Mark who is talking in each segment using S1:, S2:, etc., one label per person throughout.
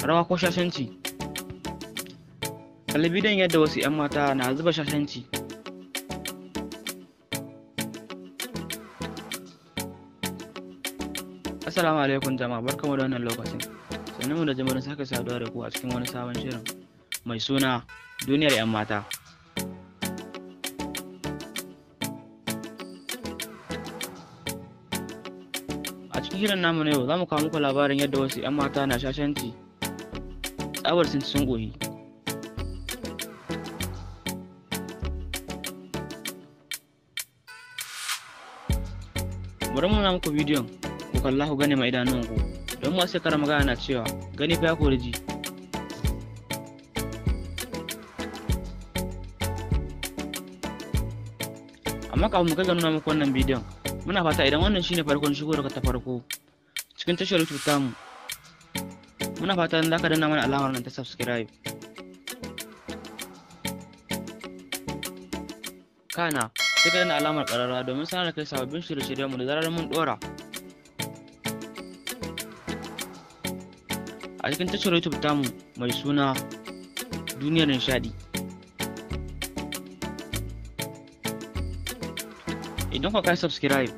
S1: rawa ko shashanci talibidan yadda wasu 'yan mata na zuba shashanci assalamu alaikum jama'a barkamu da wannan lokacin sannu mu da jama'a sake saduwa da ku a cikin wani sabon shirin mai suna duniyar 'yan mata a cikin shirin namu na yau za mu kawo muku labarin yadda wasu 'yan mata na shashanci sha'awar sun sun goyi bari mu na muku bidiyon ku kalla ku gane ma idanunku don masu kara magana na cewa gani fa ku ji amma kafin mu kai nuna muku wannan bidiyon muna fata idan wannan shine farkon shigo daga ta farko cikin tashar cuta mu muna fatan za ka danna mana alamar nan ta subscribe kana sai ka danna alamar ƙararra domin sanar da kai sababbin shirye-shiryenmu da zarar mun ɗora a cikin tashar youtube tamu mai suna duniyar nishadi idan ka kai subscribe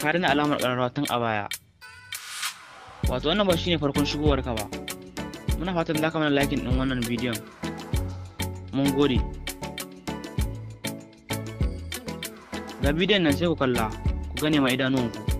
S1: ka dana alamar ƙararra tun a baya wato wannan ba shi ne farkon shigowar ka ba muna fatan za ka mana likin ɗin wannan bidiyon mun gode ga bidiyon nan sai ku kalla ku gane ma ku